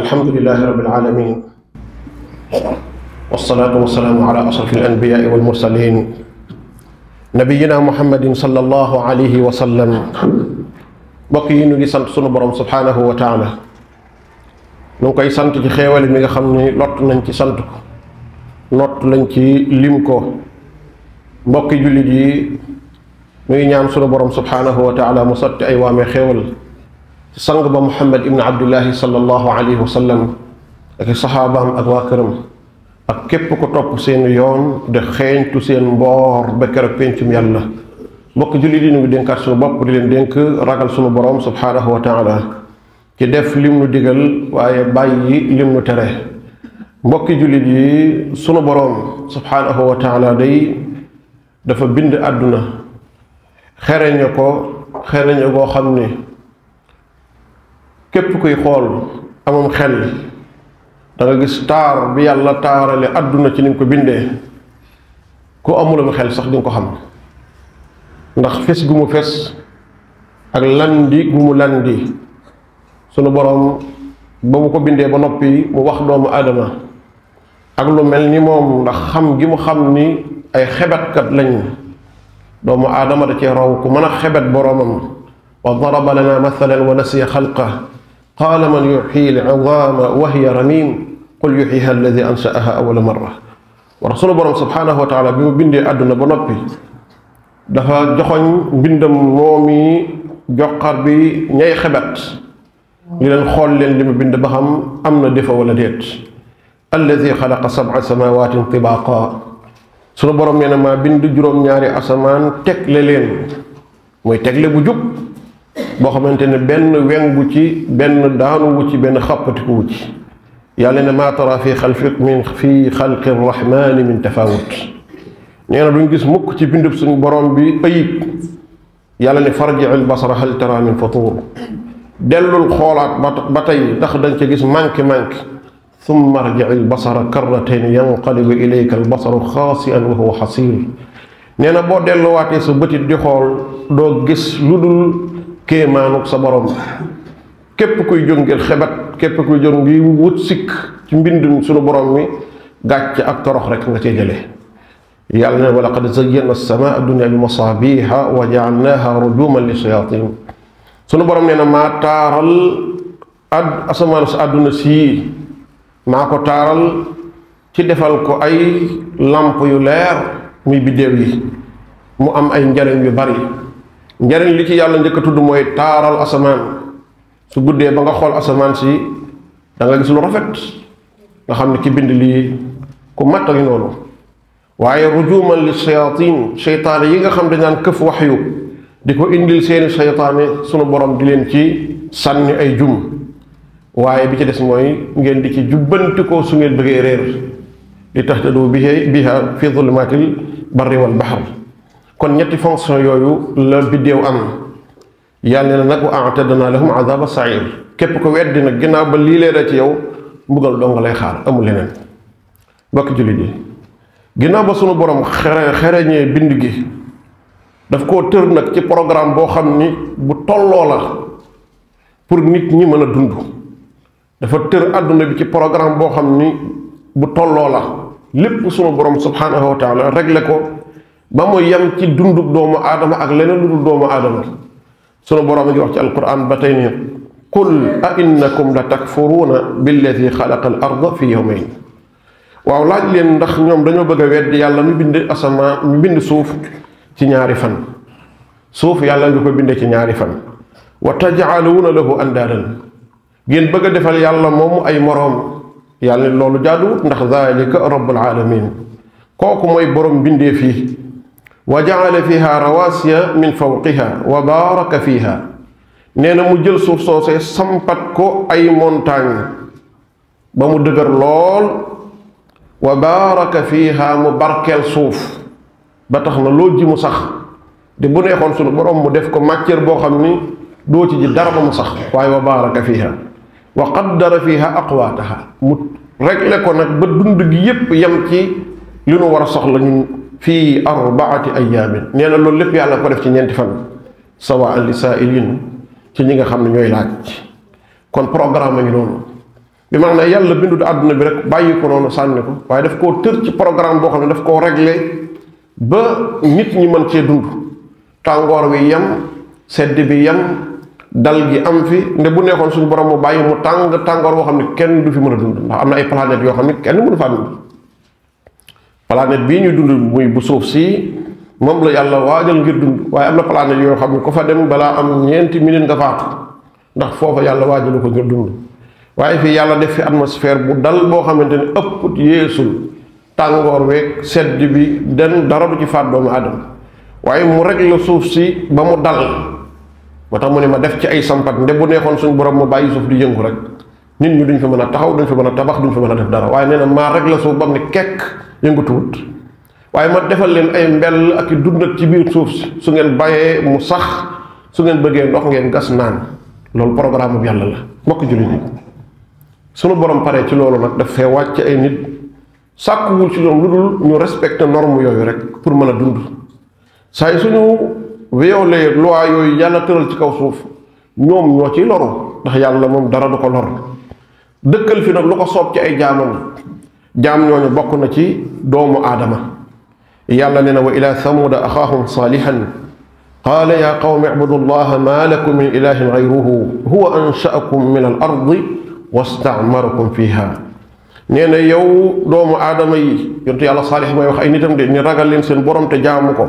الحمد لله رب العالمين والصلاة والسلام على أشرف الأنبياء والمرسلين نبينا محمد صلى الله عليه وسلم بقين لسان سنبرم سبحانه وتعالى نوكا يسانت في خيوال ميغا خمني لط لنكي سانتك لط لنكي لمكو بقي جلدي ميغي نعم سنبرم سبحانه وتعالى مصد أيوامي خيوال خيوال sang ba muhammad ibn abdullah sallallahu alayhi wa sallam ak saxaabaam ak waa këram ak képp ko topp seen yoon de xeeñtu seen mboor ba keroog pencum yàlla mbokk julli di ñu dénkaat sunu bopp di leen dénk ragal sunu borom subhaanahu wa taala ci def lim nu digal waaye bàyyi lim nu tere mbokki jullit yi sunu borom subhaanahu wa taala day dafa bind àdduna xereñe ko xereñe goo xam ne képp kuy xool amam xel danga gis taar bi yàlla taarale àdduna ci ni mu ko bindee ku amulum xel sax di nga ko xam ndax fes gu mu fes ak landi gu mu landi sunu boroom ba mu ko bindee ba noppi mu wax doomu aadama ak lu mel ni moom ndax xam gi mu xam ni ay xebetkat lañ doomu adama da cee raw ku mën a xebet boroomam wa daraba lana mathalan wa nasiya xalqa قال من يحيي العظام وهي رميم قل يحييها الذي انشاها اول مره ورسول الله سبحانه وتعالى بما بندي ادنا بنوبي دا فا جوخن بندم مومي جوخار بي نياي خبات ني خول لين ديما بند بخم امنا ديفا ولا ديت الذي خلق سبع سماوات طباقا سونو بروم ما بند جوروم نياري اسمان تك لين موي تك لي بو bo xamantene ben wengu ci ben daanu wu ci ben benn xàppatikuwu ci yàlla ne ma tara fi khalfik min fi khalqi rrahman min tafawut neena na duñ gis mukk ci bindub suñu borom bi ayib yàlla ne farji al basara hal tara min futur delul xoolaat batay tey ndax dañ ci gis manki manki summa arjic al basara karratayn yanqalibu ilayka al basaru xaasian wa huwa xasiir nee na boo delluwaatee sa bëtit di xool doo gis lu kéemaanuk sa borom kep kuy jongel xebat kep kuy jongi wut sik ci mbindum sunu borom mi gatch ak torox rek nga ci jele yalla ne wala qad zayyana as-samaa dunya bi masabiha wa ja'alnaha rujuman lis shayatin sunu borom neena ma taral ad asamaan aduna si sii taral ko taaral ci defal ko ay lampe yu leer muy bidew yi mu am ay njariñ yu bari njariñ li ci yàlla njëkk tudd mooy taaral asamaan su guddee ba nga xool asamaan si da nga gis lu rafet nga xam ne ki bind lii ku matt ak noonu waaye rujuman li shayatin sheytaane yi nga xam dañ këf wax indil seeni sheytaane sunu borom di leen ci sànni ay jum waaye bi ci des mooy ngeen di ci jubbantikoo su ngeen bëggee réer li tax biha fi zulumaatil barri wal kon ñetti fonction yooyu la biddéew am yàlla na nak wa atadna lahum azaba sair kep ko weddi nag ginnaaw ba lii leer ci yow mbugal dong lay xaar amu leneen mbokk jullit yi ginaaw ba sunu borom xere xere ñe bind gi daf ko teur nak ci programme bo xamni bu tollo la pour nit ñi mëna dund dafa teur aduna bi ci programme bo xamni bu tollo la lépp sunu borom subhanahu wa taala réglé ko ba mu yem ci dundug doomu aadama ak leneen lu dul doomu aadama sunu boroom a ngi wax ci alquran ba tey nii qul a innakum la takfuruuna billadi xalaqa al arda fi yawmayn waaw laaj leen ndax ñoom dañoo bëgg a wedd yàlla mi bind asamaa mi bind suuf ci ñaari fan suuf yàlla nga ko bindee ci ñaari fan wa tajcaluuna lahu andaadan ngeen bëgg a defal yàlla moomu ay moroom yàlla loolu jaaduwut ndax zaalika rabbul aalamiin kooku mooy borom bindee fii fiha rawasiya min fawqiha wa baraka fiha neena mu jël suuf soosé sampat ko ay montagne ba mu deugar lol wa baraka fiha mu barkel suuf ba taxna lo ji mu sax di bu neexon sunu borom mu def ko matière bo xamni do ci ji dara mu sax way wa baraka fiha wa qaddara fiha aqwataha mu regle ko nak ba dund gi yep yam ci li wara soxla ñun fi arbaati ayyamin neena na loolu lépp yàlla ko def ci ñeenti fan sawa al lisaa'ilin ci ñi nga xam ñoy laaj kon programme ngi noonu bi maanaam yalla bindu bindul àdduna bi rek bàyyi ko noonu sànni ko way daf ko teur ci programme bo xam daf ko régler ba nit ñi mën ci dund tangor wi yam sedd bi yam dal gi am fi ne bu neexon suñu borom mu bayyi mu tang tangor boo xamni ne kenn du fi mëna dund ndax amna na ay planète yo xamni ne kenn mënu fa dund planet bi ñu dund muy bu suuf si moom la yàlla waajal ngir dund waaye am na planète yoo xam ne fa dem balaa am ñeenti minute nga faatu ndax foofa yàlla waajalu ko ngir dund waaye fi yàlla def fi atmosphère bu dal boo xamante ne ëpp yeesul tàngoor weeg sedd bi den dara du ci faat doomu aadama waaye mu rek la suuf si ba mu dal moo tax mu ne ma def ci ay sampat nde bu neexoon suñ borom mu bàyyi suuf di yëngu rek nit ñi duñ fa mëna taxaw duñ fa mëna tabax duñ fa mëna def dara waaye neena ma rek la suuf bam ne kekk yëngatuwut waaye ma defal leen ay mbell ak dund dundat ci biir suuf su ngeen bàyyee mu sax su ngeen bëggee ndox ngeen gas naan loolu programme bu yàlla la mbokk jullit yi sunu borom pare ci loolu nag daf fee wàcc ay nit sàkkuwul ci ñoom lu ñu respecte norme yooyu rek pour mën a dund saa suñu violé loi yooyu yàlla tëral ci kaw suuf ñoom ñoo ciy loru ndax yàlla moom dara du ko lor dëkkal fi nag lu ko ci ay jaamam jaam ñooñu bokk na ci doomu aadama yàlla nee wa ila samuuda axaahum saalihan qaala yaa qawmi icbudu allaha maa lakum min ilahin gayruhu huwa anshaakum min al ardi wastaamarakum fiha nee yow doomu aadama yi yontu yàlla saalix may wax ay nitam de ni ragal leen seen borom te jaamu ko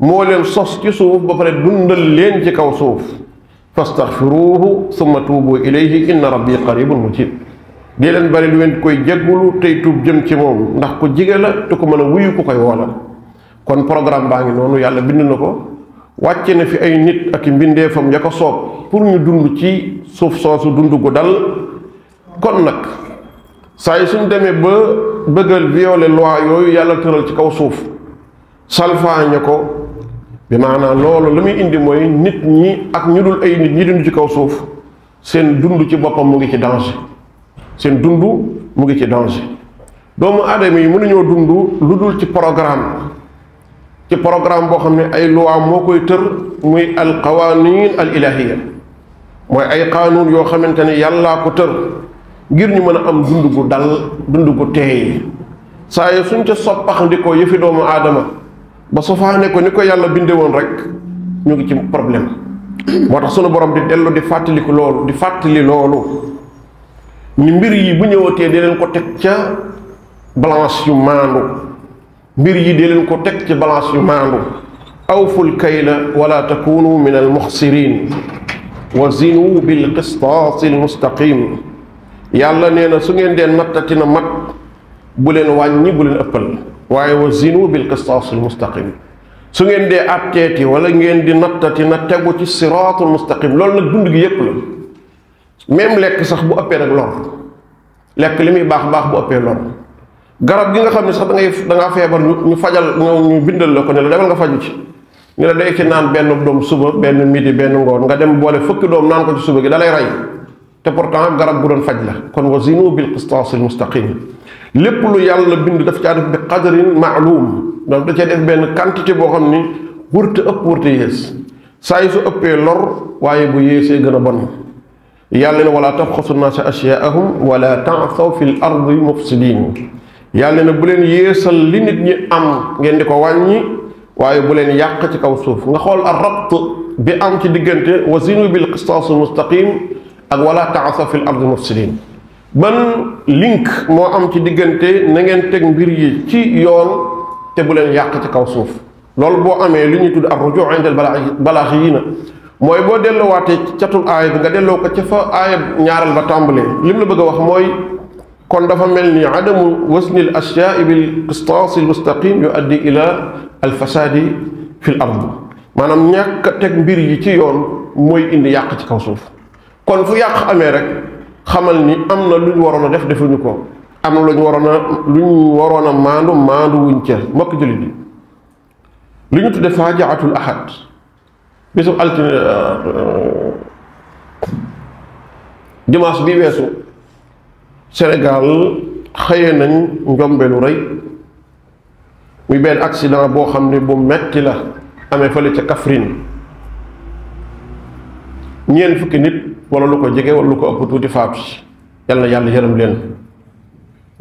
moo leen sos ci suuf ba pare dundal leen ci kaw suuf fastaxfiruuhu summa tuubu ilayhi inna rabbi qaribun mujib di leen bari lu ngeen koy jéggulu tey tuub jëm ci moom ndax ku jige la te ku mën a wuyu ku koy woola kon programme baa ngi noonu yàlla bind na ko wàcce na fi ay nit ak i mbindeefam ya ko soob pour ñu dund ci suuf soosu dund ko dal kon nag saa yi suñ demee ba bëggal violer loi yooyu yàlla tëral ci kaw suuf salfaañe ko bi maanaam loolu lu muy indi mooy nit ñi ak ñu dul ay nit ñi dund ci kaw suuf seen dund ci boppam mu ngi ci danger seen dund mu ngi ci danger doomu aadama yi mënuñoo dund lu dul ci programme ci programme boo xam ne ay loi moo koy tër muy al qawanin al ilahiya mooy ay qaanuun yoo xamante ne yàllaa ko tër ngir ñu mën a am dund gu dal dund gu teey saa yi suñ ca soppaxndikoo yëfi doomu aadama ba sofaane ko ni ko yàlla binde woon rek ñu ngi ci problème moo tax sunu borom di dellu di fàttaliku loolu di fàttali loolu ni mbir yi bu ñëwatee di leen ko teg ca balance yu maandu mbir yi di leen ko teg ci balance yu maandu awful kayla wala takunu min al muxsirin wa zinu bil qistaas al yàlla nee na su ngeen deen nattati na mat bu leen wàññi bu leen ëppal waye wa zinu bil qistas al mustaqim su ngeen de atteti wala ngeen di natati na teggu ci al mustaqim lol nak dund gi yépp la même lek sax bu ëppee rek lor lek limi bax bax bu ëppee lor garab gi nga xamni sax da ngay da nga febar ñu fajal ñu bindal la ko ne la demal nga faju ci ñu la day ci naan benn doom suba benn midi benn ngor nga dem boole fukki doom naan ko ci suba gi dalay ray te pourtant garab bu doon faj la kon wa zinu bil qistas al mustaqim lépp lu yàlla bind daf caa def bi qadarin maalum donc da cee def benn quantité boo xam ni wërte ëpp wërte yées saa yi su ëppee lor waaye bu yéesee gën a bon yàlla ne wala tabxasu naasa asyaahum wala taasaw fi l ardi mufsidin yàlla ne bu leen yéesal li nit ñi am ngeen di ko wàññi waaye bu leen yàq ci kaw suuf nga xool a rabt bi am ci diggante wasinu bil qistaas mustaqim ak wala taasaw fi l ardi mufsidin ban link mo am ci digënté na ngeen tek mbir yi ci yoon te bu leen yàq ci kaw suuf lool bo amé li ñu tudd ab ruju indal balaax moy bo delu waté ci chatul aaya nga delo ko ci fa aaya ñaaral ba tambalé lim la bëgg wax moy kon dafa melni adamu wasni al ashyaai bil qistaas al mustaqim yuaddi ila al fasadi fi l ard manam ñak tek mbir yi ci yoon moy indi yàq ci kaw suuf kon fu yàq amé rek xamal ni am na lu ñu waroon a def defuñu ko am na lu ñu waroon a lu ñu waroon a maandu maandu wuñ ca mbokk jullit yi li ñu tudde faajaatul ahad bisu altine euh, euh, dimanche bi weesu Sénégal xëye nañ njombelu rëy muy benn accident boo xam ne bu metti la amee fële ca Kaffrine ñeent fukki nit wala lu ko jege wala lu ko ëpp tuuti faatu ci yàlla yërëm leen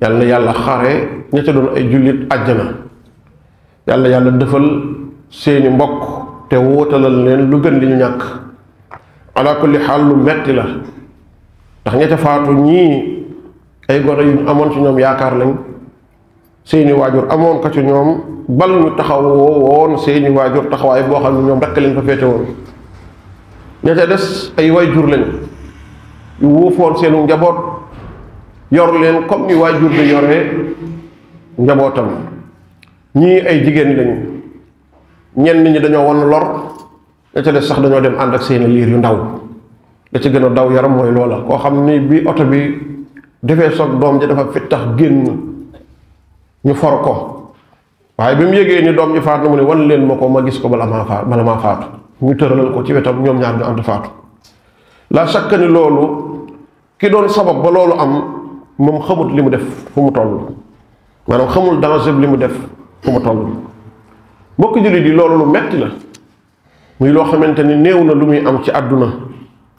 yal na yàlla xare ña ca doon ay jullit àjjana yal na yàlla dëfal seeni mbokk te wóotalal leen lu gën li ñu ñàkk ala kulli xaal lu metti la ndax ña ca faatu ñii ay gone yu amoon ci ñoom yaakaar lañ seeni waajur amoon ko ci ñoom bal ñu taxawoo woon seeni waajur taxawaay boo xam ne ñoom rekk lañ fa féete woon ña ca des ay wayjur lañ yu wóofoon senu njabot yor leen comme ni wayjur de yoré njabotam njabootam ay jigen lañ ñen ñi dañoo won lor ña ca dess sax dañoo dem and ak seen lire yu ndaw da ci gëna daw yaram moy lola ko xamni bi auto bi defé sok dom ji dafa fi tax genn ñu for ko waye bimu mu ni dom ji faatu mu ne wan leen mako ma gis ko bala ma faatu bala faatu ñu tëralal ko ci wetam ñoom ñaar ñu ànd faatu la chaque ni loolu ki doon sabab ba loolu am moom xamut li mu def fu mu toll maanaam xamul danger li mu def fu mu toll mbokk jullit yi loolu lu metti la muy loo xamante ni néew na lu muy am ci àdduna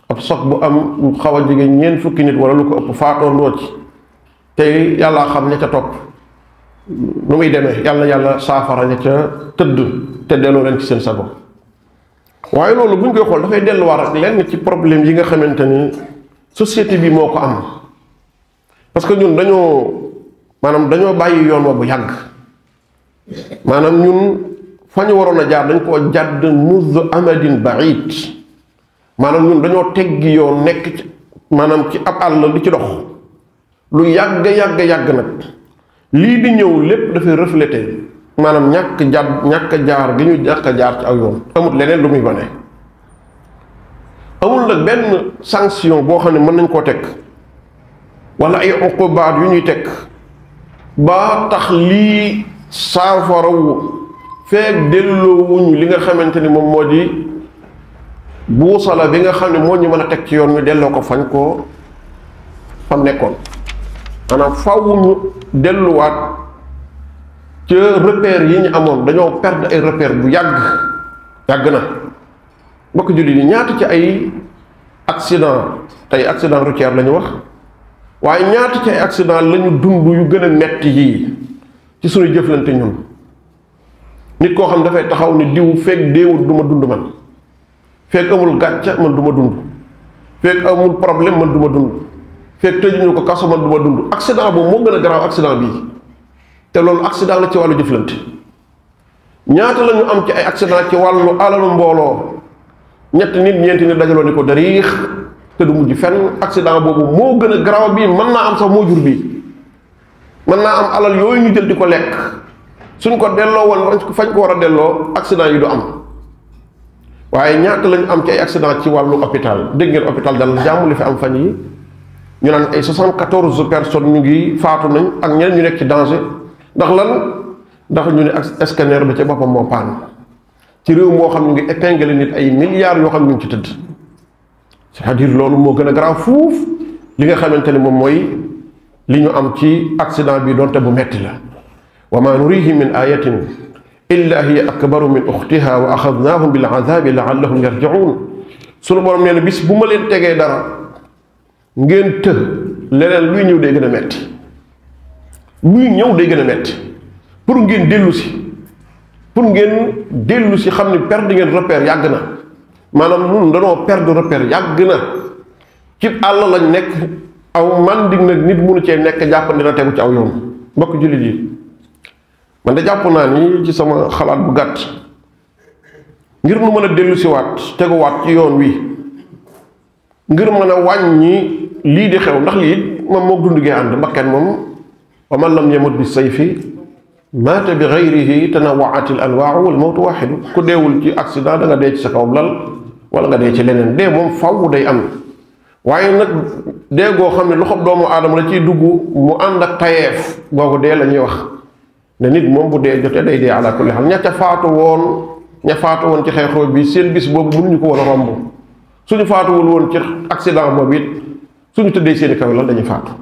ab sox bu am xaw a jege ñeent fukki nit wala lu ko ëpp faatoondoo ci te yàllaa xam ña ca topp nu muy demee yàlla yàlla saafara ña ca tëdd te delloo leen ci seen sago waaye loolu bu ñu koy xool dafay delluwaat rek lenn ci problème yi nga xamante ni société bi moo ko am parce que ñun dañoo maanaam dañoo bàyyi yoon wa bu yàgg maanaam ñun fa ñu waroon a jaar dañ koo jàdd muz amadin baid maanaam ñun dañoo teggi yoon nekk ci maanaam ci ab àll di ci dox lu yàgg yàgg yàgg nag lii di ñëw lépp dafay refléter manam ñak jadd ñak jaar gi ñu ñak jaar ci aw yoon amul leneen lu muy bané amul nak ben sanction bo xamne mën nañ ko tek wala ay uqubat yu ñuy tek ba tax li safaraw fek delo wuñu li nga xamanteni mom modi bu sala bi nga xamne mo ñu mëna tek ci yoon ñu delo ko fañ ko fam nekkon ana ñu delu wat ci repère yi ñu amoon dañoo perdre ay repère bu yàgg yàgg na mbokk julli ni ñaata ci ay accident tey accident routière lañu wax waaye ñaata ci ay accident lañu dund yu gën a metti yii ci suñu jëflante ñun nit koo xam dafay taxaw ni diw feeg deewut du ma dund man feeg amul gàcca man du ma dund feeg amul problème man du ma dund feeg tëjuñu ko kaso man du ma dund accident boobu moo gën a garaaw accident bii te loolu accident la ci wàllu jëflante ñaata lañu am ci ay accident ci wàllu alalu mbooloo ñett nit ñeenti nit dajaloo ni ko dariix te du mujj fenn accident boobu moo gën a garaaw mën naa am sax moo jur mën naa am alal yooyu ñu jël di ko lekk suñ ko delloo woon fañ ko war a delloo accident yi du am waaye ñaata lañu am ci ay accident ci wàllu hôpital dégg ngeen hôpital dal jàmm li fi am fan yi ñu naan ay 74 personnes ñu ngi faatu nañ ak ñeneen ñu nekk ci danger ndax lan ndax ñu ne scanner ba ca boppam moo paan ci réew moo xam ne ngi épingle nit ay milliards yoo xam ne ñu ngi ci tëdd cest à loolu moo gën a garaaw fuuf li nga xamante ne moom mooy li ñu am ci accident bi doonte bu metti la wa ma nurihim min ayatin illa hiya akbaru min bi uxtiha wa axadnaahum bil azabi laallahum yarjiun sunu borom nee na bis bu ma leen tegee dara ngeen të leneen luy ñëw dee gën a metti muy ñëw day gën a metti pour ngeen dellu si pour ngeen dellu si xam ne perdre ngeen repère yàgg na maanaam nun danoo perdre repère yàgg na ci àll lañ nekk aw man dig nag nit mënu cee nekk jàpp dina tegu ci aw yoon mbokk jullit yi man de jàpp naa ni ci sama xalaat bu gàtt ngir nu mën a dellu si waat teguwaat ci yoon wi ngir mën a wàññi lii di xew ndax lii moom moo dund gee ànd mbakkeen moom ومن لم يمت بالسيف maata bi xayrihi tanawaat al anwaaru wal mawtu waaxidu ku deewul ci accident da nga dee ci sa kawam lal wala nga dee ci leneen dee moom faww day am waaye nag dee goo xam ne loxob doomu aadama la ciy dugg mu ànd ak tayeef googu dee la ñuy wax ne nit moom bu dee jotee day dee ala kulli xal ña ca faatu woon ña faatu woon ci xeexoo bi seen bis boobu mënuñu ko woon a romb suñu faatuwul woon ci accident boobu it suñu tëddee seen i kaw lal dañuy faatu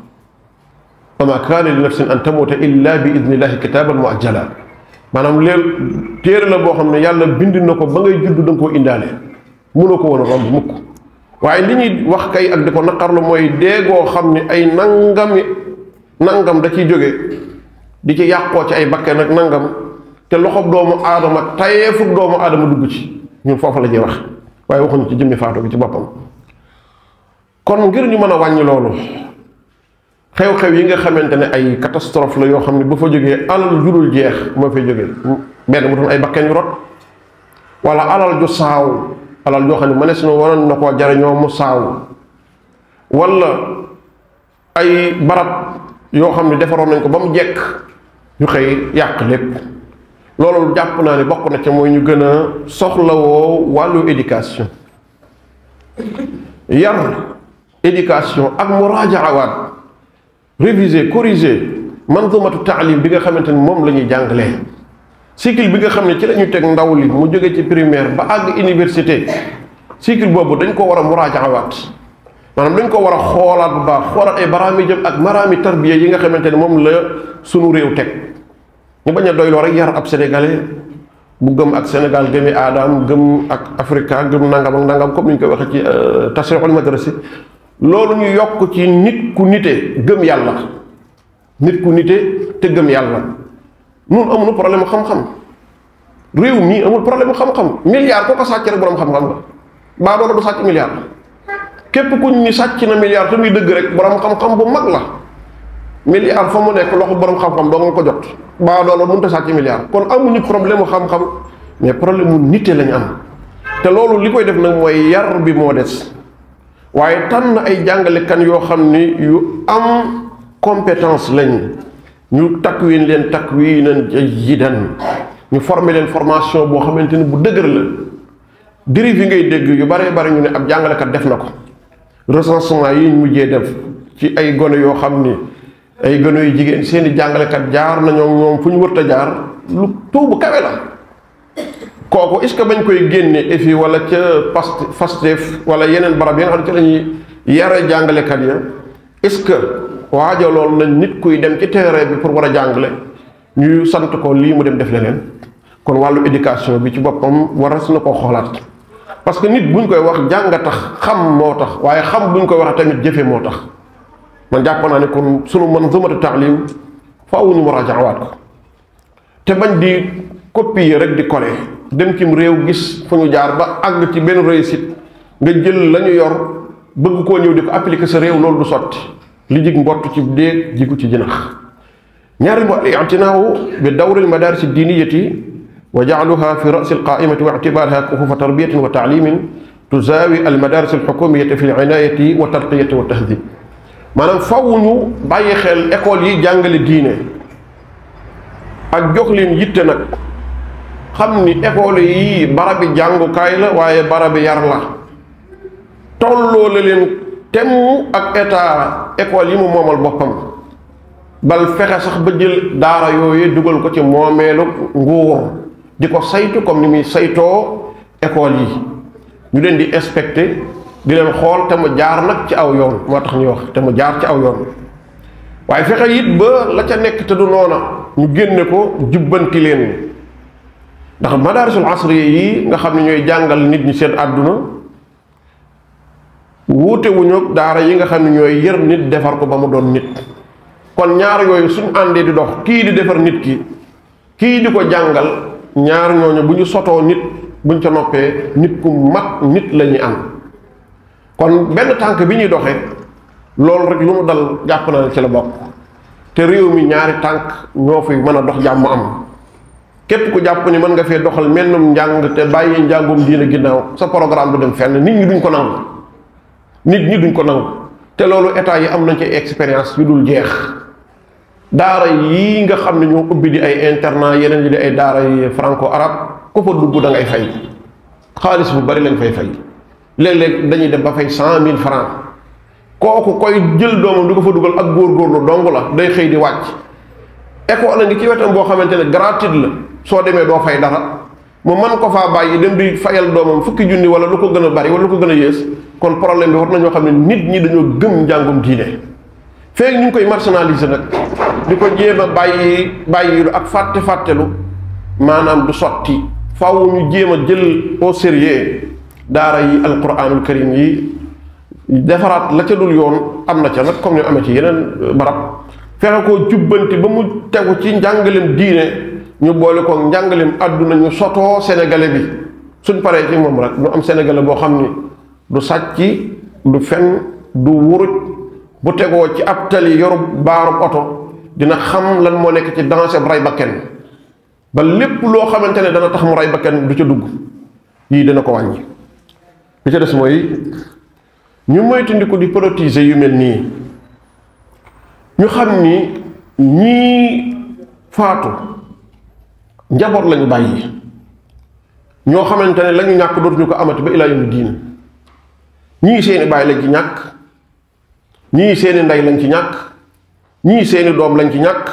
fama kaana li nafsin an tamuuta illa bi idnillahi kitaaban muajjala maanaam léeg téere la boo xam ne yàlla bind na ko ba ngay judd da nga koo indaale mënoo ko woon romb mukk waaye li ñuy wax kay ak di ko naqarlu mooy déegoo xam ne ay nangami nangam da ciy jóge di ci yàqoo ci ay bakkeen ak nangam te loxob doomu aadama tayeefug doomu aadama dugg ci ñun foofu la ñuy wax waaye waxuñu ci jëmmi faatu bi ci boppam kon ngir ñu mën a wàññi loolu xew-xew yi nga xamante ne ay catastrophe la yoo xam ne ba fa jógee alal ju dul jeex moo fay jógee benn mu doon ay bakken yu rot wala alal ju saaw alal joo xam ne mënees na waroon na koo jariñoo mu saaw walla ay barab yoo xam ne defaroon nañ ko ba mu jekk ñu xëy yàq lépp loolu jàpp naa ne bokk na ci mooy ñu gën a soxlawoo wàllu éducation yar éducation ak muraajawaat man corriger matu taalim bi nga xamante ni moom la ñuy jàngalee cycle bi nga xam ne ci la ñu teg ndaw li mu jóge ci primaire ba àgg université cycle boobu dañ koo war a muraajawaat maanaam dañ koo war a xoolaat bu baax xoolaat ay baraami jëm ak maraami tarbiya yi nga xamante ne moom la sunu réew teg ñu bañ a doyloo rek yar ab sénégalais bu gëm ak Sénégal gëmi aadaam gëm ak Afrika gëm nangam ak nangam comme ni ñu koy waxee ci euh, tasrixul madrasi loolu ñu yokk ci nit ku nite gëm yàlla nit ku nite te gëm yàlla nun amuñu problème xam-xam réew mii amul problème xam-xam milliard koo ko sàcc rek borom xam-xam nga baa doona du sàcc milliard képp ku ñu sàcc na milliard te muy dëgg rek borom xam-xam bu mag la milliard fa mu nekk loxo borom xam-xam doo nga ko jot baa doona mun a sàcc milliard kon amuñu problème xam-xam mais problème mu nite lañu am te loolu li koy def nag mooy yar bi moo des waaye tànn ay jàngalekan yoo xam ni yu am compétence lañ ñu takk takwin leen takwinan jayyidan ñu former leen formation boo xamante ni bu dëgër la dérive yi ngay dégg yu bare bare ñu ne ab jàngalekat def na ko recensement yi ñu mujjee def ci ay gone yoo xam ni ay gone yu jigéen seeni jàngalekat jaar nañoo ñoom fu ñu wërta jaar lu tuubu kawe la kooku est ce que bañ koy génne efi wala ca fastef wala yeneen barab yi nga xam ne ci la ñuy yare jàngalekat ya est ce que waajaloon nit kuy dem ci terrain bi pour war jàngale ñu sant ko lii mu dem def leneen kon wàllu éducation bi ci boppam waras na ko xoolaat parce que nit buñ koy wax jàng tax xam moo tax waaye xam buñ koy wax tamit jëfe moo tax man jàpp naa ne kon sunu manzumatu taalim faaw ñu muraajawaat ko te bañ di copier rek di coller dem ci rew gis fuñu jaar ba ag ci ben réussite nga jël lañu yor bëgg ko ñëw diko appliquer sa rew loolu du sotti li jig mbott ci de jigu ci jinax ñaari mbott i'tinaahu bi dawr al madaris al diniyati wa ja'alaha fi ra's al qa'imati wa i'tibarha kuhufa tarbiyatin wa ta'limin tuzawi al madaris al hukumiyati fi al inayati wa tarqiyati wa tahdhib manam faw baye xel école yi jàngale diine ak jox leen yitte nak xamni école yi barabi kay la waye barabi yar la tollo la len temu ak état école yi mu momal bopam bal fexé sax ba jël dara yoyé duggal ko ci moomeelu nguur diko saytu comme ni mi sayto école yi ñu len di respecter di len xol te mu jaar nak ci aw yoon moo tax ñuy wax te mu jaar ci aw yoon waye fexé yit ba la ca nek te du ñu génné ko jubanti len ndax madarisul asri yi nga xamni ñoy jangal nit ñi seen aduna wuté wuñu daara yi nga xamni ñoy yër nit defar ko ba mu doon nit kon ñaar yoy suñu andé di dox ki di defar nit ki ki di ko janggal ñaar ñoñu buñu soto nit buñ ca noppé nit ku mat nit lañu am kon benn tank bi ñuy doxee rek lu mu dal japp na ci la bok té réew mi ñaari tank ñoo mëna dox jamm am képp ku japp ni mën nga fee doxal mennum njàng te bàyyi njàngum diina ginnaaw sa programme du dem fenn nit ñi duñ ko nangu nit ñi duñ ko nangu te loolu état yi am nañ ci expérience yu dul jeex daara yi nga xam ne ñoo ubbi di ay internat yeneen yi di ay daara yi franco arab ku fa dugg da ngay fay xaalis bu bari lañ fay fay léeg-léeg dañuy dem ba fay cent mille francs kooku koy jël doomam du ko fa dugal ak góorgóorlu dong la day xëy di wàcc école la ngi ci wetam boo xamante ne gratuite la soo demee doo fay dara mu mën ko faa bàyyi dem di fajal doomam fukki junni wala lu ko gën a bari wala lu ko gën a yées kon problème bi war nañoo xam ne nit ñi dañoo gëm njàngum diine feek ñu ngi koy marginaliser nag di ko jéem a bàyyi bàyyilu ak fàtte fàttelu maanaam du sotti faaw ñu jéem a jël au sérieux daara yi alquranul karim yi defaraat la ca dul yoon am na ca nag comme ñu amee ci yeneen barab fexe koo jubbanti ba mu tegu ci njàngaleem diine ñu boole ko njàngaleem àdduna ñu sotoo sénégalais bi suñ paree ci moom rek ñu am sénégalais boo xam ni du sàcc du fen du wuruj bu tegoo ci ab tali yoru baarub oto dina xam lan moo nekk ci danger bu rey bakken ba lépp loo xamante ne dana tax mu rey bakken du ca dugg yii dana ko wàññi li ca des mooy ñu moytandiku di politiser yu mel nii ñu xam ni ñii faatu njabot lañu bayyi ño xamantene lañu ñàkk dootuñu ñuko amati ba ilaa yawmi diin ñi seen bay lañ ci ñàkk ñi seen nday lañ ci ñàkk ñi seen doom lañ ci ñàkk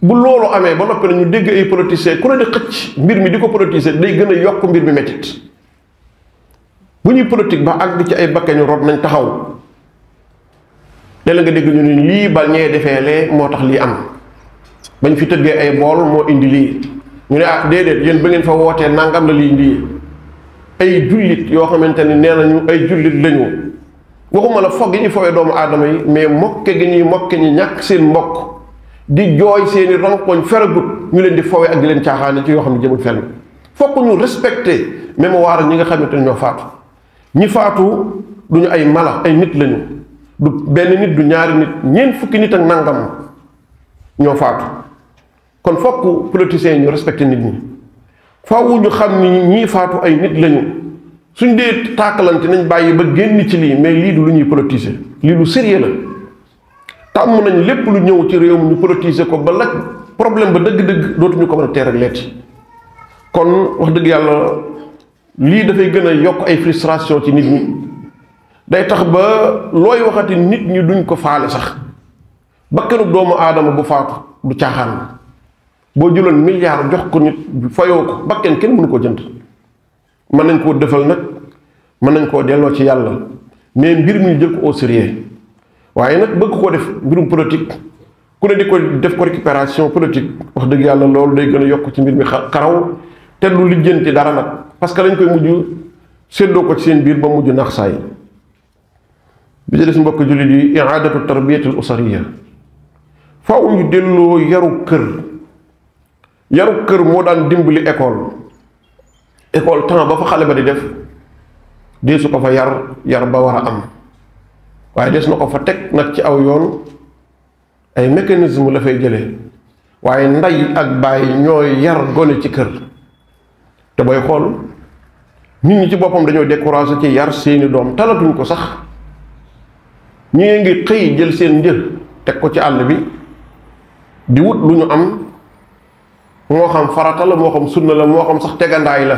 bu lolu amé ba noppi ñu dégg ay politiciens ku ne di xëc mbir mi diko politiciens day gëna yok mbir mi metit bu ñuy politique ba ag ci ay ñu rot nañ taxaw léeg la nga dégg ñu ne lii ba ñee defee lee moo li am bañ fi tëggee ay bool mo indi li ñu ne ak ah, déedéet yeen ba ngeen fa wootee nangam la li ndi ay julit yo xamanteni ne nañu ay julit lañu waxuma la fogg ñi fowé doomu adama yi mais mokke gi ñi mokke ñi ñak seen mbokk di joy seeni ronkoñ feragut ñu leen di fowé ak di leen caaxaane ci yo xamni ne jëmul fenn fokk ñu respecté mémoire ñi nga xamanteni ño faatu ñi faatu duñu ay mala ay nit lañu du ben nit du ñaari nit ñeen fukki nit ak nangam ño faatu kon fokk politiciens ñu respecté nit ñi faaw xam ni ñii faatu ay nit lañu suñ dee taakalante nañ bàyyi ba génn ci lii mais lii du lu ñuy politiser lii lu sérieux la tàmm nañ lépp lu ñëw ci réew mi ñu politiser ko ba laj problème ba dëgg-dëgg dootuñu ko mën a teer ak leeti kon wax dëgg yàlla lii dafay gën a yokk ay frustration ci nit ñi day tax ba looy waxati nit ñi duñ ko faale sax bakkanu doomu aadama bu faatu du caaxaan boo jëloon milliard jox ko nit fayoo ko bakken kenn mënu koo jënd mën nañ koo defal nag mën nañ koo delloo ci yàlla mais mbir mi ñu jël ko au waaye nag bëgg koo def mbirum politique ku ne di ko def ko récupération politique wax dëgg yàlla loolu day gën a yokk ci mbir mi xaraw te lu lijjanti dara nag parce que lañ koy mujj séddoo ko ci seen biir ba mujj naax saay bi ci des mbokk jullit yi iadatu tarbiyati al usariya faaw ñu delloo yaru kër yaru kër moo daan dimbali école école temps ba fa xale ba di def dee su ko fa yar yar ba war a am waaye des na ko fa teg nag ci aw yoon ay mécanisme la fay jëlee waaye nday ak bàyyi ñooy yar gone ci kër te booy xool nit ñi ci boppam dañoo découragé ci yar seeni doom talatuñ ko sax ñi ngi xëy jël seen njër teg ko ci àll bi di wut lu ñu am moo xam farata la moo xam sunna la moo xam sax tegandaay la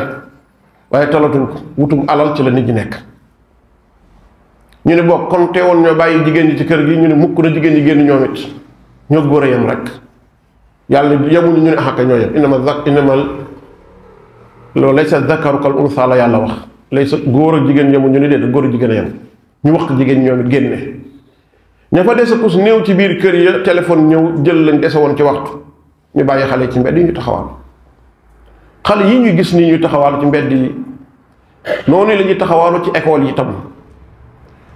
waaye talatuñ ko wutum alal ci la nit ñi nekk ñu ne bokk kon teewoon ñoo bàyyi jigéen ñi ci kër gi ñu ne mukk na jigéen ñi génn ñoom it ñoo góor a yem rek yàlla yemuñu ñu ne ah, ñoo yem inama zak inamal loolu laysa zakaru kal unsa la yàlla wax laysa góor ak jigéen yemuñu ne déedéet góor a jigéen a yem ñu wax jigéen ñoom it génne ña fa desa kus néew ci biir kër ya téléphone ñëw jël lañ dese woon ci waxtu ñu bàyyi xale ci mbedd yi ñu taxawal xale yi ñu gis ni ñu taxawal ci mbedd yi noonu la ñuy taxawalu ci école yi tam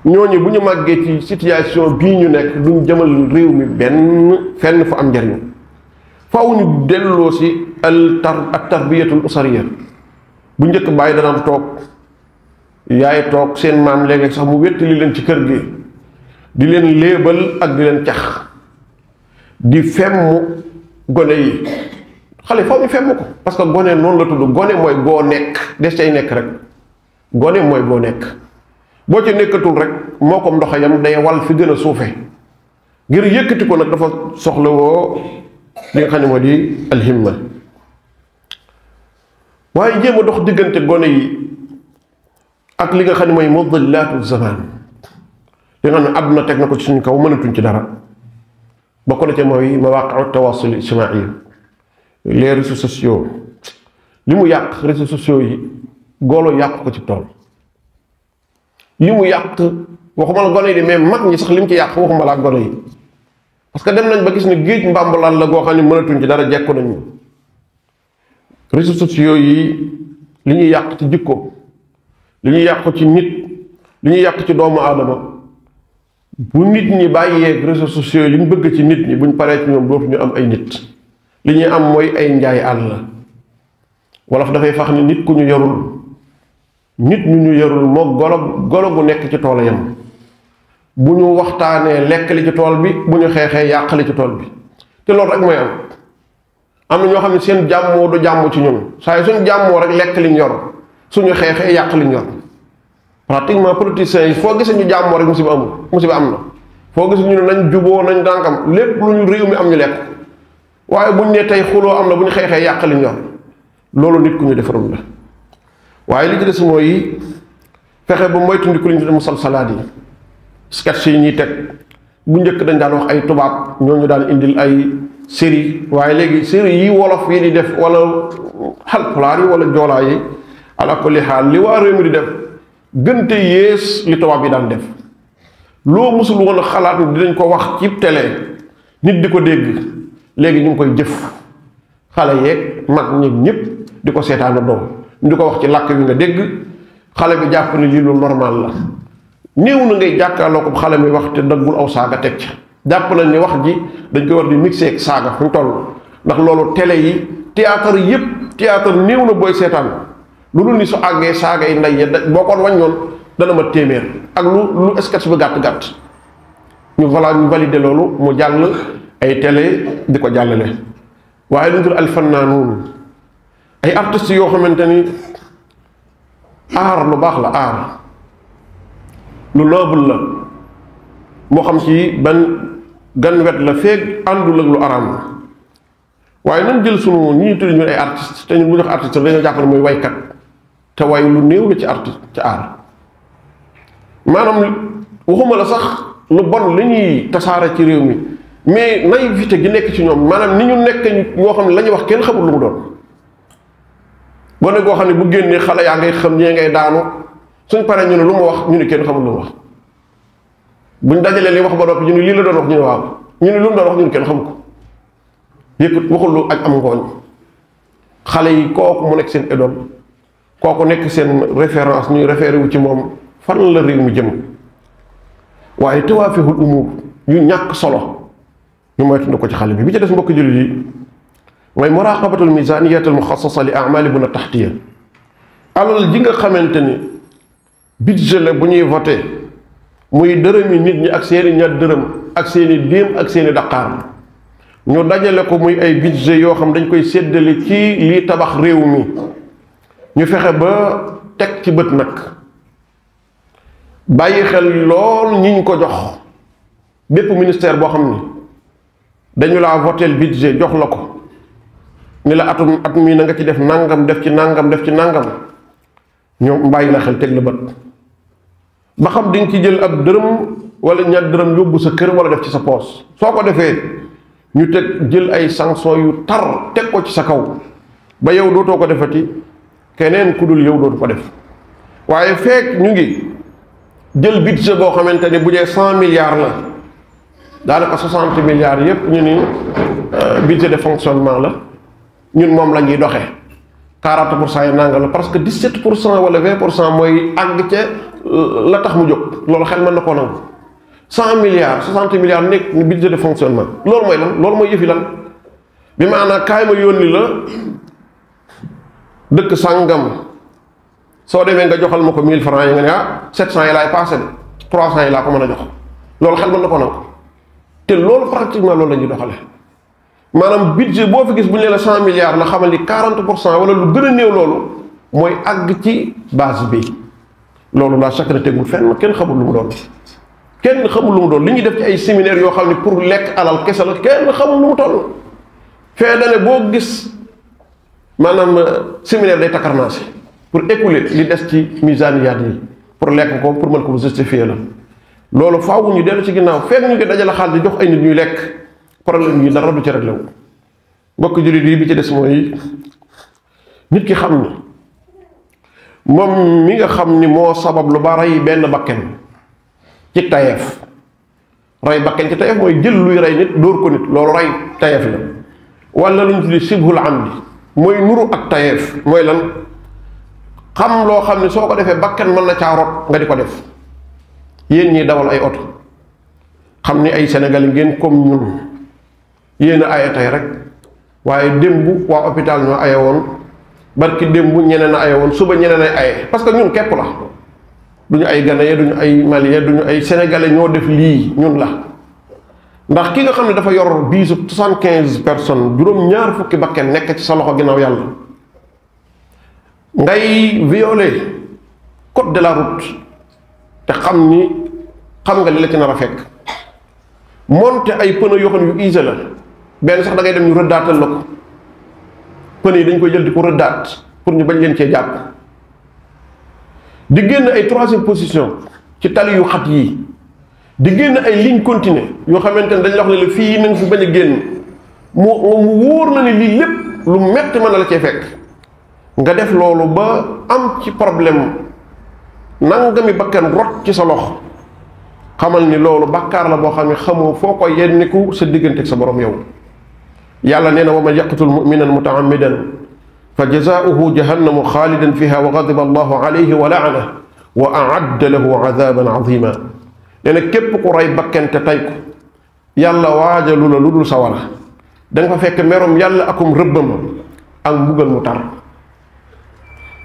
ñooñu bu ñu màggee ci situation bii ñu nekk duñ jëmal réew mi benn fenn fu am njariñ faaw ñu delloo si al tar ak tarbiyatul usariya bu njëkk bàyyi dana toog yaay toog seen maam léegi sax mu wéttali leen ci kër gi di leen léebal ak di leen cax di fem gone yi xale foofu ñu femm ko parce que gone noonu la tudd gone mooy goo nekk des cay nekk rek gone mooy goo nekk boo ci nekkatul rek moo ko ndoxa yam day wal fi gën a suufe ngir yëkkati ko nag dafa soxla woo li nga xam ne moo di alhimma waaye jéem a dox diggante gone yi ak li nga xam ne mooy mudillaatu zaman li nga xam ne àdduna teg na ko ci suñ kaw mënatuñ ci dara bokk na ca mooy mawaaqi'u tawaasul ijtimaai les réseaux sociaux li mu yàq réseaux sociaux yi goolo yàq ko ci tool li mu yàq waxuma la gone yi de mais mag ñi sax li mu ci yàq waxuma laa gone yi parce que dem nañ ba gis ne géej mbàmbalaan la goo xam ne mënatuñ ci dara jekku nañu réseaux sociaux yi li ñuy yàq ci jikko li ñuy yàq ci nit li ñuy yàq ci doomu aadama bu nit ñi bàyyeeg réseaux sociaux yi li ñu bëgg ci nit ñi buñ paree ci ñoom ñu am ay nit li ñuy am mooy ay njaay àll wolof dafay fax ni nit ku ñu yarul nit ñu ñu yarul moo golo golo bu nekk ci tool yam bu ñu waxtaanee lekk li ci tool bi bu ñu xeexee yàq li ci tool bi te loolu rek mooy am am na ñoo xam ne seen jàmmoo du jàmm ci ñun saa yu suñ jàmmoo rek lekk liñ yor suñu xeexee yàq liñ yor pratiquement politiciens yi fo gis ñu jamm rek musiba amul musiba amna fo gis ñu nañ jubo nañ dankam lepp lu ñu rew mi am ñu lek waye buñ ne tay xulo amna na buñ xeexee yàq li ñor loolu nit ku ñu defarum la waye li ci des mooy fexe ba moytu ndiku liñ mu salsalaat yi sketch yi ñi tek bu ñëk dañ daan wax ay tubaab ñu daan indil ay seri waye legi seri yi wolof yi di def wala plan yi wala jola yi ala kulli hal li waa mi di def gënte yes li tubaab bi daan def loo musul woon xalaatu dinañ ko wax ci télé nit di ko dégg léegi ñu ngi koy jëf xale yeeg mag ñi ñëpp di ko seetaana doom ñu di ko wax ci làkk bi nga dégg xale bi jàpp ne lii lu normal la néew na ngay jàkkaarloo ko xale mi wax te daggul aw saaga teg ca jàpp nañ ni wax ji dañ ko war di mixé ak saaga fu toll ndax loolu télé yi théâtre yépp théâtre néew na booy seetaan Lulu ni so àggee saaga yi ndey ya boo koon wàññoon dana ma téeméer ak lu lu sketch ba gatt gatt ñu wala ñu validé lolu mu jall ay télé di ko waye lu dur al fannanun ay artiste yo xamanteni ar lu bax la ar lu lobul la mo xam ci ban gan wet la fek andul ak lu aram waye ñu jël sunu ñi tudd ñu ay artiste té ñu bu ñu wax artiste dañu jappal moy way kat te way lu néew la ci artiste ci aar maanaam waxuma la sax lu bon li ñuy tasaare ci réew mi mais naïveté gi nekk ci ñoom maanaam ni ñu nekk ñoo xam ne la ñuy wax kenn xamul lu mu doon gone goo xam ne bu génnee xale yaa ngay xam ñee ngay daanu suñ paree ñu ne lu mu wax ñu ne kenn xamul lu mu wax buñ dajalee li wax ba noppi ñu ne lii la doon wax ñu ne waaw ñu ni lu mu doon wax ñu ne kenn xamu ko yëkkut waxul lu ak am ngooñ xale yi kooku mu nekk seen idole koku nek sen référence ñuy référé wu ci mom fan la réew mi jëm waye tawafihul umur ñu ñak solo ñu moy tuddu ko ci xale bi bi ci dess mbokk jullit yi moy muraqabatul misaniyat al muxassasa li a'mal ibn taxtiya alal ji nga xamanteni budget la bu ñuy voté muy dërëmi nit ñi ak seeni ñaar dërëm ak seeni dem ak seeni daqaar ñu dajale ko muy ay budget yo xam dañ koy seddel ci li tabax réew mi ñu fexe ba teg ci bët nag bàyyi xel lool ñi ñu ko jox bépp ministère boo xam ni dañu laa votel budget jox la ko ni la atum at mii na nga ci def nangam def ci nàngam def ci nangam ñoom bàyyi la xel teg la bët ba xam di nga ci jël ab dërëm wala ñaar dërëm yóbbu sa kër wala def ci sa poos soo ko defee ñu teg jël ay sanction yu tar teg ko ci sa kaw ba yow dootoo ko defati keneen ku dul yow dootu ko def waaye feek ñu ngi jël budget boo xamante ni bu dee cent milliards la daanaka soixante milliards yépp ñu ni euh, budget de fonctionnement la ñun moom la ñuy doxee quarante pour cent yi nanga la parce que dix sept pour cent wala vingt pour cent mooy àgg ca euh, la tax mu jóg loolu xel mën na koo nangu cent milliards soixante milliards nekk budget de fonctionnement loolu mooy lan loolu mooy yëfi lan bi maanaam kaay ma yónni la dëkk sàngam soo demee nga joxal ma ko mille francs yi nga ne ah 700 yi laay passé de 300 yi laa ko mën a jox loolu xel mën na ko nangu te loolu pratiquement loolu la ñuy doxalee maanaam budget boo fi gis bu ñu nee la 100 milliards na xamal ni 40 pour cent wala lu gën a néew loolu mooy àgg ci base bi loolu laa chaque na tegul fenn kenn xamul lu mu doon kenn xamul lu mu doon li ñuy def ci ay séminaire yoo xam ne pour lekk alal kese la kenn xamul lu mu toll fee ne boo gis. maanaam euh, séminaire day takkarnaase pour écouler li des ci misaaniyaat yi pour lekk ko pour mën ko justifier la loolu faaw ñu dellu ci ginnaaw fekk ñu ngi dajale xaalis di jox ay nit ñuy lekk problème yi dara du ci réglé wu mbokk jullit ci des mooy ki xam ni moom mi nga xam ni moo sabab lu ba rey benn bakken ci tayeef rey bakken ci tayeef mooy jël luy rey nit dóor ko nit loolu rey tayeef la wala lu ñu tuddi sibhul amdi mooy nuru ak tayeef mooy lan xam loo xam ne soo ko defee bakkan mën na caa rot nga di ko def yéen ñiy dawal ay oto xam ni ay sénégalais ngeen comme ñun yéen a aye rek waaye démb waa hôpital ñoo aye woon barki démb ñeneen a aye woon suba ñeneen ay aye parce que ñun képp la duñu ay Ghanéen duñu ay Malien duñu ay sénégalais ñoo def lii ñun la ndax ki nga xam ne dafa yor biisu cent quinze personnes juróom ñaar fukki bakken nekk ci sa loxo ginnaaw yàlla ngay violer code de la route te xam ni xam nga li la ci nar a fekk monte ay pneu yoo xam ne yu usé la benn sax da ngay dem ñu rëddaatal la ko pneu yi dañ koy jël di ko rëddaat pour ñu bañ leen cee jàpp di génn ay troisième position ci tali yu xat yi di génn ay ligne continue yoo xamantene dañ la wax ne la fii nañ fi bañ a génn mu mu wóor na ne lii lépp lu metti mën na la cee fekk nga def loolu ba am ci problème nangami bakkan rot ci sa lox xamal ni loolu bàkkaar la boo xam ne xamoo foo ko yenniku sa diggante sa borom yow yàlla nee na wa man yaqtul muminan mutaamidan fiha wa خالدا allahu alayhi wa laana wa aadda lahu عذابا azima nee na képp ku rey bakken te tey ko yàlla waajalu la lu dul sawara da nga fa fekk merom yàlla akum rëbbam ak mbugal mu tar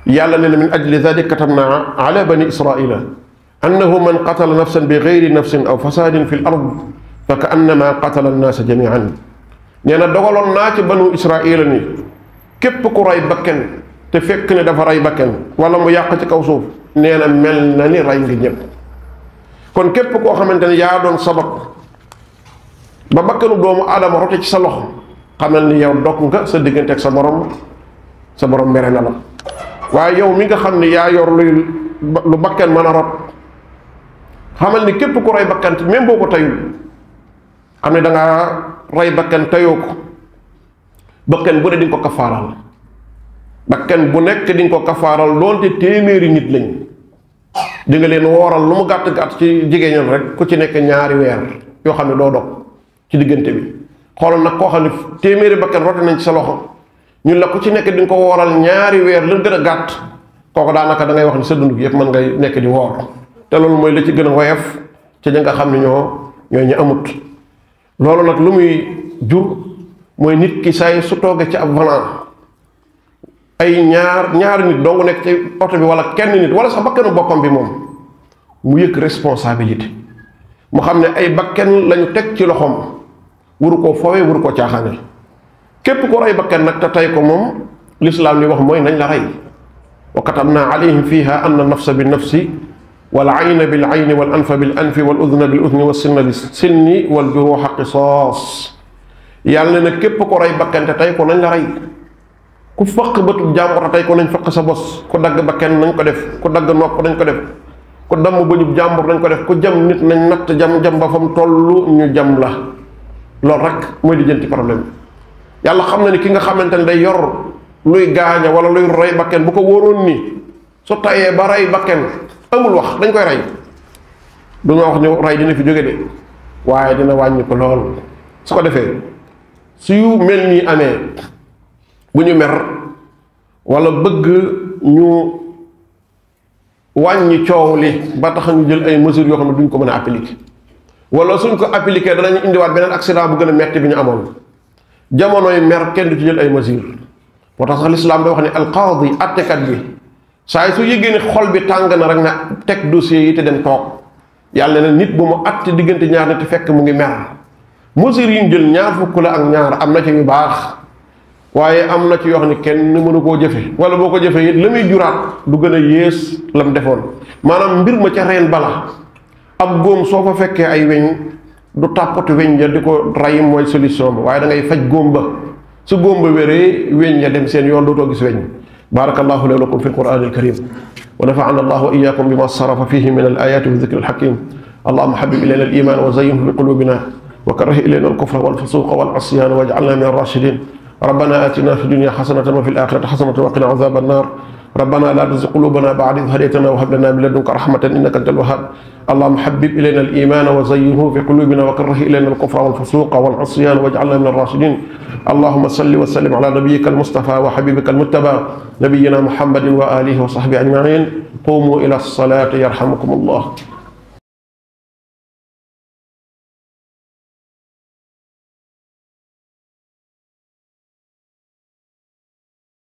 yàlla nee na min ajli dalik katabna ala bani israila annahu man qatala nafsan bi gayri nafsin aw fasadin fi l ard fa ka annama qatala annaasa jamian nee na dogaloon naa ci banu israila ni képp ku rey bakken te fekk ne dafa rey bakken wala mu yàq ci kaw suuf nee na mel na ni rey nga ñëpp kon képp koo xamante ne yaa doon sabab ba bakkanu doomu aadama rote ci sa lox xamal ni yow dog nga sa diggante ak sa borom sa borom mere na la waaye yow mi nga xam ne yaa yor luy lu bakkan mën a rot xamal ni képp ku roy bakkan même boo ko tayul xam ne da ngaa roy bakkan tayoo ko bakkan bu ne di nga ko kafaaral bakkan bu nekk di nga ko kafaaral doonte téeméeri nit lañu di nga leen wooral lu mu gàtt gàtt ci jigéen rek ku ci nekk ñaari weer yoo xam ne doo dog ci diggante bi xoolal nag koo xam ne téeméeri bakkan rote nañ ci sa loxo ñun la ku ci nekk di ko wooral ñaari weer la gën a gàtt kooku daanaka da ngay wax ni sa dund gi yëpp mën ngay nekk di woor te loolu mooy la ci gën a woyof ci ña nga xam ne ñoo ñoo ñu amut loolu nag lu muy jur mooy nit ki say yi su toogee ci ab valant ay ñaar ñaar nit dong nek ci auto bi wala kenn nit wala sax bakkanu boppam bi mom mu yek responsabilité mu xamne ay bakken lañu tek ci loxom wuru ko fowe wuru ko caaxaanal kep ko ray bakken nak ta tay ko mom l'islam li wax moy nañ la ray wa katabna alayhim fiha anna nafs bin-nafs wal 'ayn bil ayn wal anf bil anf wal udhn bil udhn was sinna bis sinni wal juruha qisas yàlla na kep ko ray bakken ta tay ko nañ la ray ku fakk jam jàmbur tay ko lañ fakk sa bos ku dag ba kenn nañ ko def ku dag nopp nañ ko def ku bu bëñub jàmbur nañ ko def ku jam nit nañ nat jam jam ba fam tollu ñu jam la lool rek moy di jënti problème yalla xam na ni ki nga xamantene day yor luy gaña wala luy ba bakken bu ko woron ni so tayé ba ba bakken amul wax dañ koy ray du nga wax ni ray dina fi joge de waye dina wañ ko lool su ko defé su yu mel ni bu ñu mer wala bëgg ñu wàññi coow li ba tax ñu jël ay mesures yoo xam ne duñ ko mën a appliquer wala suñ ko appliquer danañu indiwaat beneen accident bu gën a metti bi ñu amoon jamonoy mer kenn du ci jël ay mesures moo tax sax lislaam da wax ne alqaadi attekat bi saa su yëgee ne xol bi tàng na rek na teg dossier yi te dem toog yàlla na nit bu mu atte diggante ñaar na fekk mu ngi mer mesures yi ñu jël ñaar fukk la ak ñaar am na ci yu baax waaye am na ci yoo xam ne kenn mënu koo jëfe wala boo ko jëfee it la muy juraat du gën a yées lam defoon maanaam mbir ma ca reen bala am góom soo fa fekkee ay weñ du tàppatu weñ ja di ko ray mooy solution ba waaye da ngay faj góom ba su góom ba wéree weñ ja dem seen yoon dootoo gis weñ barakallahu li wa lakum fi alqur'ani alkarim wa nafa'ana allahu wa iyyakum bima sarafa fihi min alayati wa dhikri alhakim allahumma habib ilayna aliman wa zayyinhu bi qulubina wa karrih ilayna alkufra walfusuqa ربنا آتنا في الدنيا حسنة وفي الآخرة حسنة وقنا عذاب النار ربنا لا تزغ قلوبنا بعد إذ هديتنا وهب لنا من لدنك رحمة إنك أنت الوهاب اللهم حبب إلينا الإيمان وزينه في قلوبنا وكره إلينا الكفر والفسوق والعصيان واجعلنا من الراشدين اللهم صل وسلم على نبيك المصطفى وحبيبك المتبى نبينا محمد وآله وصحبه أجمعين قوموا إلى الصلاة يرحمكم الله